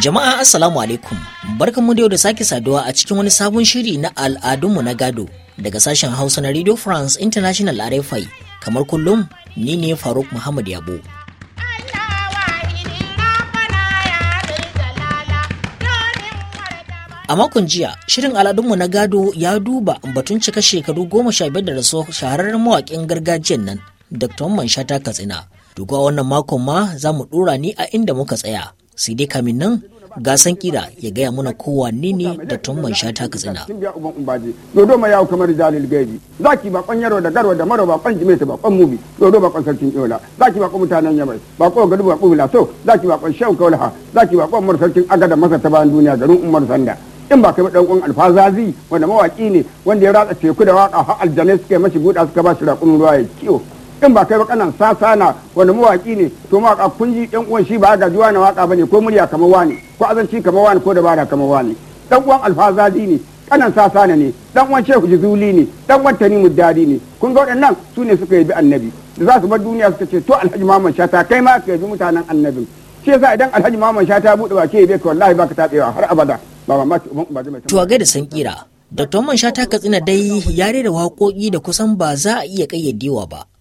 Jama'a Assalamu alaikum, barkanmu da yau da sake saduwa a cikin wani sabon shiri na al'adunmu na gado daga sashen Hausa na Radio France International RFI kamar kullum ni ne Faruk Muhammad Yabo. A makon jiya, shirin al'adunmu na gado ya duba batun cika shekaru goma sha biyar da raso shahararren mawaƙin gargajiyan nan, Dr. Manshata Katsina. dukwa wannan makon ma za mu ɗora ni a inda muka tsaya. sai dai kamin nan gasan kira ya gaya muna kowa ne ne da man sha ta katsina. Dodo ma yawo kamar jalil gaibi zaki bakon yaro da garwa da maro bakon jimeta bakon mubi dodo bakon sarkin yola zaki bakon mutanen yamai bakon gadu bakon lato zaki bakon shehu kaulaha zaki bakon mara sarkin agada masa ta bayan duniya garin umar sanda. in ba ka bi ɗan'uwan alfazazi wanda mawaƙi ne wanda ya ratsa teku da waƙa har aljanai suka yi mashi buɗa suka ba shi raƙumin ruwa ya kiwo in ba kai ba kanan na wani mawaki ne to mawaka kun ji ɗan uwan shi ba juwa na waka bane ko murya kamar wani ko azanci kamar wani ko dabara kamar wani dan uwan alfazazi ne kanan sasana ne dan uwan shehu jizuli ne dan uwan tani muddadi ne kun ga waɗannan su ne suka yabi annabi da za su bar duniya suka ce to alhaji mamman shata kai ma ka yabi mutanen annabin shi yasa idan alhaji mamman shata buɗe ba ke yabe ka wallahi baka tabewa har abada ba mamaki ba to da san kira Dr. Mansha ta katsina dai yare da waƙoƙi da kusan ba za a iya ƙayyadewa ba,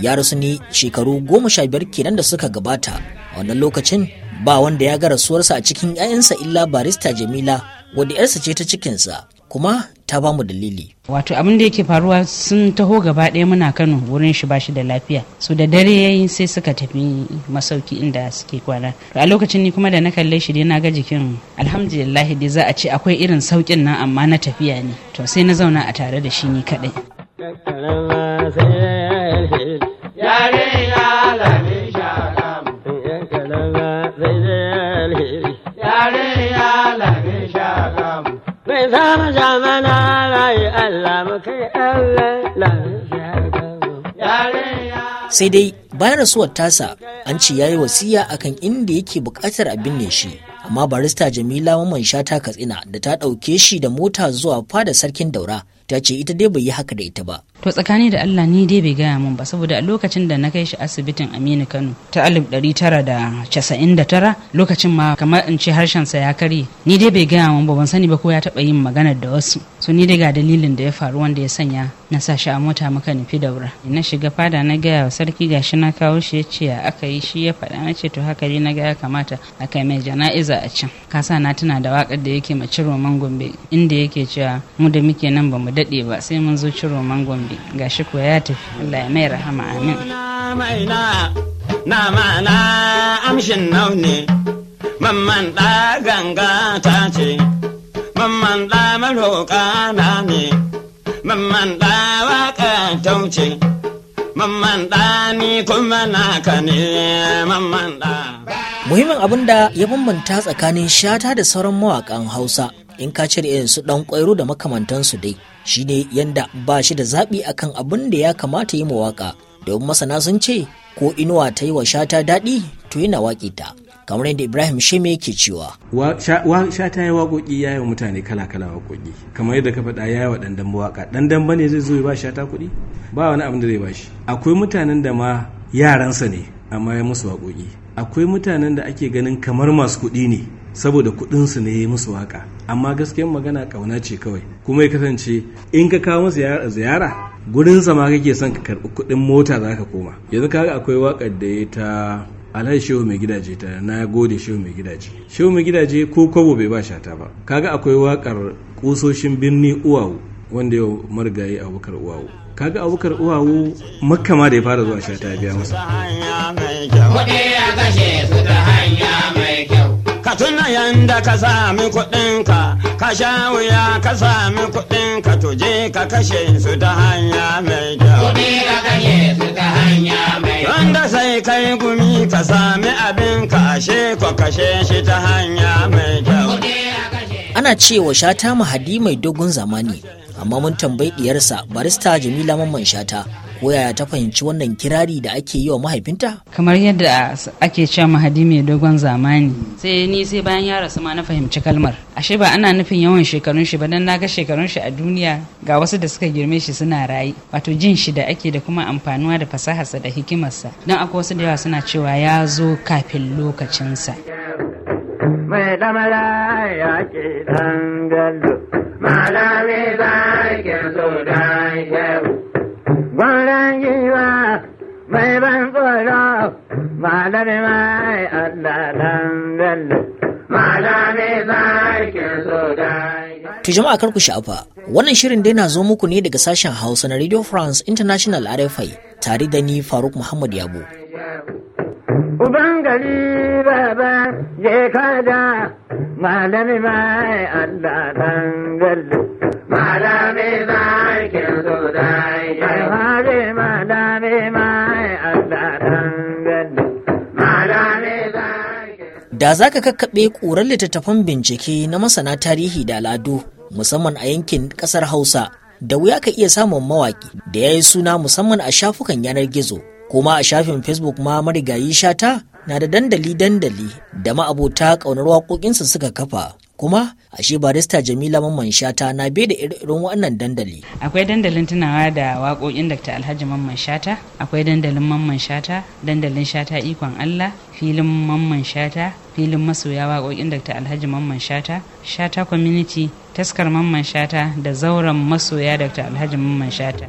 ya rasu ne shekaru goma sha biyar kenan da suka gabata a wannan lokacin ba wanda ya ga rasuwarsa a cikin 'ya'yansa illa barista jamila wadda 'yarsa ce ta cikinsa kuma ta bamu dalili. Wato abin da yake faruwa sun taho gaba ɗaya muna Kano wurin shi bashi da lafiya. su da dare ya yi sai suka tafi masauki inda suke kwana. a lokacin ni kuma da na kalle shi dai na ga jikin alhamdulillah dai za a ce akwai irin saukin nan amma na tafiya ne. To sai na zauna a tare da shi ni kaɗai. Sai dai bayan rasuwar tasa an ce yayi wasiya akan inda yake bukatar a binne shi amma barista Jamila Maman ta Katsina da ta ɗauke shi da mota zuwa fada sarkin daura ta ce ita dai bai yi haka da ita ba to tsakani da Allah ni dai bai gaya mun ba saboda a lokacin da na kai shi asibitin Aminu Kano ta 1999 lokacin ma kamar in ce harshen sa ya kare ni dai bai gaya mun ba ban sani ba ko ya taba yin magana da wasu so ni dai ga dalilin da ya faru wanda ya sanya na sa shi a mota muka nufi daura Ina shiga fada na gaya wa sarki gashi na kawo shi ya ce ya aka yi shi ya faɗa na ce to haka dai na ga ya kamata a kai mai jana'iza a can kasa na tuna da wakar da yake ma ciro gombe inda yake cewa mu da muke nan ba mu daɗe ba sai mun zo ciro gombe tafi gashi ko ya tafi Allah ya mai rahama amin amshin mamman da da muhimmin abin da ya bambanta tsakanin shata da sauran mawakan hausa in ka cire irin su dan kwairo da makamantansu dai shi ne yanda ba shi da zaɓi akan abin da ya kamata yi mawaƙa domin masana sun ce ko inuwa ta yi wa shata daɗi to yana waƙi ta kamar yadda ibrahim sheme yake cewa shata ya waƙoƙi ya yi wa mutane kala-kala waƙoƙi kamar yadda ka faɗa ya yi wa ɗandan waƙa, ɗandan ba ne zai zo ya ba shata kuɗi ba wani abin da zai ba shi akwai mutanen da ma yaransa ne amma ya musu waƙoƙi akwai mutanen da ake ganin kamar masu kuɗi ne saboda kuɗinsu ne musu waka amma gaskiyar magana ƙauna ce kawai kuma ya kasance in ka kawo musu ziyara gurin sama kake son ka karɓi kuɗin mota za ka koma yanzu kaga akwai wakar da ya ta alhaji shehu mai gidaje ta na gode shehu mai gidaje shehu mai gidaje ko kwabo bai ba shata ba kaga akwai wakar kusoshin birni uwawu wanda yau marigayi abubakar uwawu kaga abubakar uwawu makama da ya fara zuwa shata biya masa tuna yanda ka sami kuɗinka ka sha wuya ka sami kuɗinka tuje ka kashe su ta hanya mai kyau wanda sai kai gumi ka sami abin ka ashe ko kashe shi ta hanya mai kyau ana cewa shata mahadi mai dogon zamani amma mun tambayi diyarsa barista Jamila Mamman Shata ko yaya ta fahimci wannan kirari da ake yi wa mahaifinta? Kamar yadda ake cewa mahadi mai dogon zamani. Sai ni sai bayan ya rasu ma na fahimci kalmar. Ashe ba ana nufin yawan shekarun shi ba dan na ga shekarun shi a duniya ga wasu da suka girme shi suna rayi Wato jin shi da ake da kuma amfanuwa da fasaharsa da hikimarsa. Dan akwai wasu da yawa suna cewa ya zo kafin lokacinsa. Mai ya ke Mala guda yau. To jama'a kar ku wannan shirin dai na zo muku ne daga sashen Hausa na Radio France International RFI tare da ni Faruk Muhammad Yabo. Uban gari baba je kada malami mai Allah kan gallo. Malami mai kin zo dai. Malami malami mai Allah kan gallo. Malami Da za ka kakkaɓe ƙurar littattafan bincike na masana tarihi da al'adu musamman a yankin ƙasar Hausa da wuya ka iya samun mawaƙi da ya yi suna musamman a shafukan yanar gizo Kuma a shafin Facebook ma marigayi shata na da dandali-dandali da ma'abota ƙaunar waƙoƙinsa suka kafa. kuma ashe barista jamila mamman shata na bai da irin wannan dandali akwai dandalin tunawa da waƙoƙin dr alhaji mamman shata akwai dandalin mamman shata dandalin shata ikon allah filin mamman shata filin masoya waƙoƙin dr alhaji mamman shata shata community taskar mamman shata da zauren masoya dr alhaji mamman shata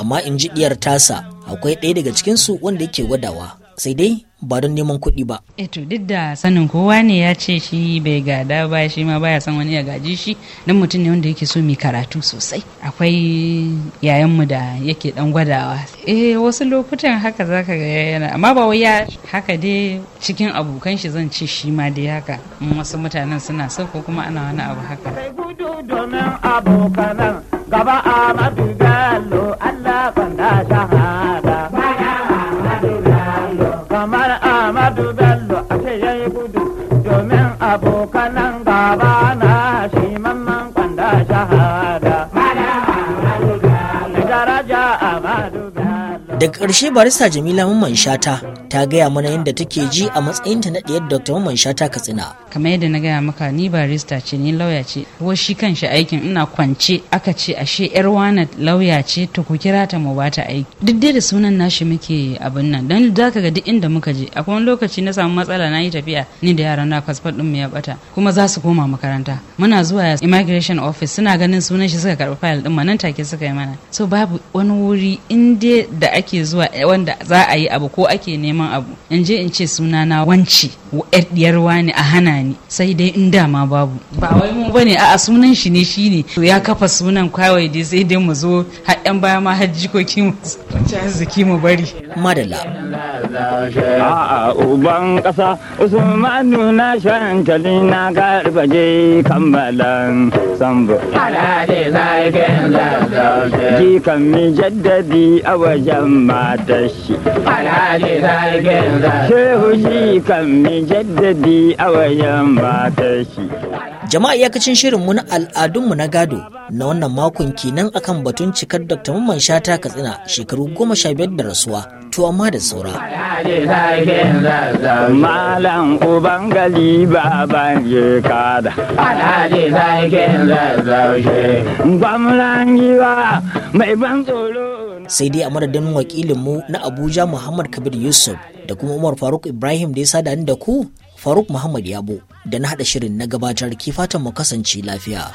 amma in ji diyar tasa akwai ɗaya daga cikinsu wanda yake gwadawa sai dai ba don neman kuɗi ba. Eto eh duk da sanin kowa ne ya ce shi bai gada ba shi ma baya san wani ya gaji shi dan mutum ne wanda yake so mai karatu sosai akwai yayanmu da yake dan gwadawa eh wasu lokutan haka zaka ga yana amma ba wai ya haka dai cikin abokan shi zan ce shi ma dai haka wasu mutanen suna so ko kuma ana wani abu haka. ta shahada daga karshe barista jamila mamman shata ta gaya mana yadda take ji a matsayinta na ɗiyar dr mamman shata katsina kamar yadda na gaya maka ni barista ce ni lauya ce ko shi kanshi aikin ina kwance aka ce ashe yar wana lauya ce to ku kira ta mu bata aiki duk dai da sunan nashi muke abin nan dan zaka ga duk inda muka je akwai wani lokaci na samu matsala na yi tafiya ni da yaran na passport din mu ya bata kuma za su koma makaranta muna zuwa immigration office suna ganin sunan shi suka karɓi file din nan take suka yi mana so babu wani wuri inda da ake ake zuwa eh, wanda za a yi abu ko ake neman abu in je in ce suna na wanci yar wani a hana ni sai dai in dama babu ba wai mu bane a sunan shi ne shine ya kafa sunan kawai dai sai dai mu zo har yan baya ma ko jikoki mu mu bari madalla a'a uban kasa usmanu na na sambo zai kan jaddadi a wajen matar shi alhaji sarkin shehu shi kan mi jaddadi a wajen matar shi jama'a iyakacin shirinmu na al'adunmu na gado na wannan makon kenan akan batun cikar dr mamman shata katsina shekaru goma sha biyar da rasuwa to amma da saura malam uban gali baban je kada alhaji sarkin gwamnan giwa mai ban tsoro sai dai a madadin mu na abuja muhammad kabir yusuf da kuma umar faruk ibrahim da ya sada ni da ku faruk muhammad yabo da na haɗa shirin na gabatar ki fatan mu kasance lafiya.